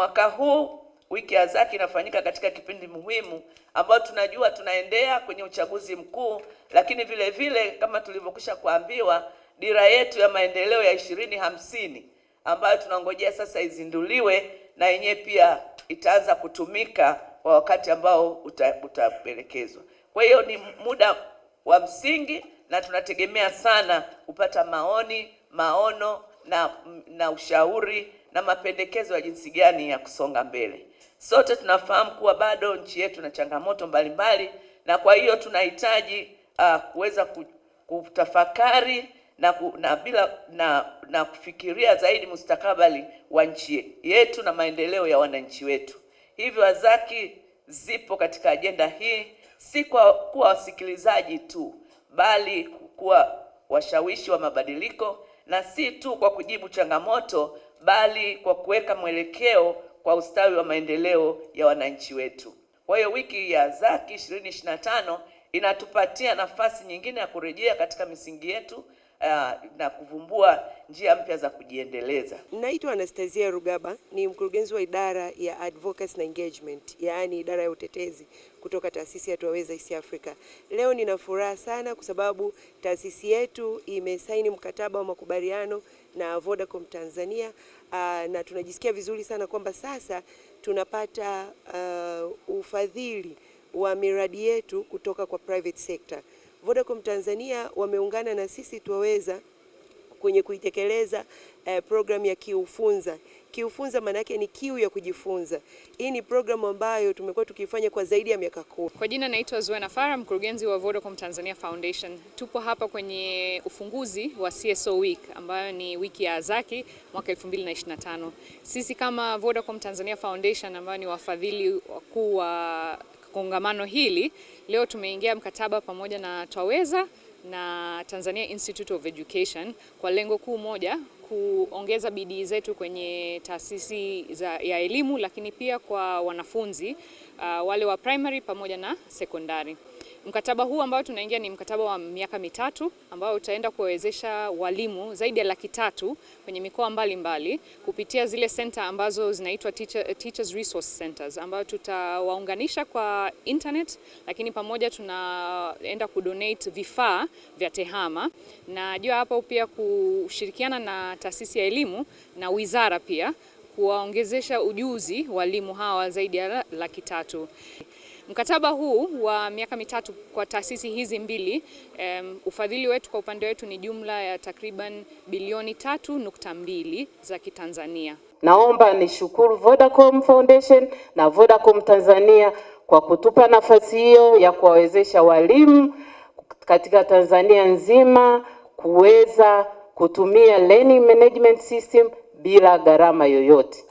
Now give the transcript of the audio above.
Mwaka huu wiki ya Zaki inafanyika katika kipindi muhimu ambayo tunajua tunaendea kwenye uchaguzi mkuu, lakini vile vile kama tulivyokwisha kuambiwa, dira yetu ya maendeleo ya ishirini hamsini ambayo tunangojea sasa izinduliwe na yenyewe pia itaanza kutumika kwa wakati ambao utapelekezwa. Kwa hiyo ni muda wa msingi na tunategemea sana kupata maoni, maono na na ushauri na mapendekezo ya jinsi gani ya kusonga mbele. Sote tunafahamu kuwa bado nchi yetu na changamoto mbalimbali mbali, na kwa hiyo tunahitaji uh, kuweza kutafakari na, na bila na, na kufikiria zaidi mustakabali wa nchi yetu na maendeleo ya wananchi wetu. Hivyo AZAKI zipo katika ajenda hii, si kwa kuwa wasikilizaji tu, bali kuwa washawishi wa mabadiliko na si tu kwa kujibu changamoto, bali kwa kuweka mwelekeo kwa ustawi wa maendeleo ya wananchi wetu. Kwa hiyo wiki ya Zaki 2025 inatupatia nafasi nyingine ya kurejea katika misingi yetu uh, na kuvumbua njia mpya za kujiendeleza. Naitwa Anastasia Rugaba, ni mkurugenzi wa idara ya Advocacy na Engagement, yaani idara ya utetezi kutoka taasisi ya Twaweza East Africa. Leo nina furaha sana kwa sababu taasisi yetu imesaini mkataba wa makubaliano na Vodacom Tanzania uh, na tunajisikia vizuri sana kwamba sasa tunapata uh, ufadhili wa miradi yetu kutoka kwa private sector. Vodacom Tanzania wameungana na sisi Twaweza kwenye kuitekeleza eh, programu ya Kiufunza. Kiufunza maana yake ni kiu ya kujifunza. Hii ni programu ambayo tumekuwa tukifanya kwa zaidi ya miaka kumi. Kwa jina naitwa Zuena Farah, mkurugenzi wa Vodacom Tanzania Foundation. Tupo hapa kwenye ufunguzi wa CSO Week ambayo ni wiki ya Azaki mwaka 2025. Sisi kama Vodacom Tanzania Foundation ambayo ni wafadhili wakuu wa kongamano hili leo tumeingia mkataba pamoja na Twaweza na Tanzania Institute of Education kwa lengo kuu moja kuongeza bidii zetu kwenye taasisi za, ya elimu lakini pia kwa wanafunzi uh, wale wa primary pamoja na sekondari. Mkataba huu ambao tunaingia ni mkataba wa miaka mitatu ambao utaenda kuwawezesha walimu zaidi ya laki tatu kwenye mikoa mbalimbali mbali, kupitia zile center ambazo zinaitwa teacher, Teachers Resource Centers ambayo tutawaunganisha kwa internet, lakini pamoja tunaenda kudonate vifaa vya TEHAMA na jua hapo pia kushirikiana na taasisi ya elimu na wizara pia kuwaongezesha ujuzi walimu hawa zaidi ya laki tatu. Mkataba huu wa miaka mitatu kwa taasisi hizi mbili um, ufadhili wetu kwa upande wetu ni jumla ya takriban bilioni tatu nukta mbili za Kitanzania. Naomba nishukuru Vodacom Foundation na Vodacom Tanzania kwa kutupa nafasi hiyo ya kuwawezesha walimu katika Tanzania nzima kuweza kutumia learning management system bila gharama yoyote.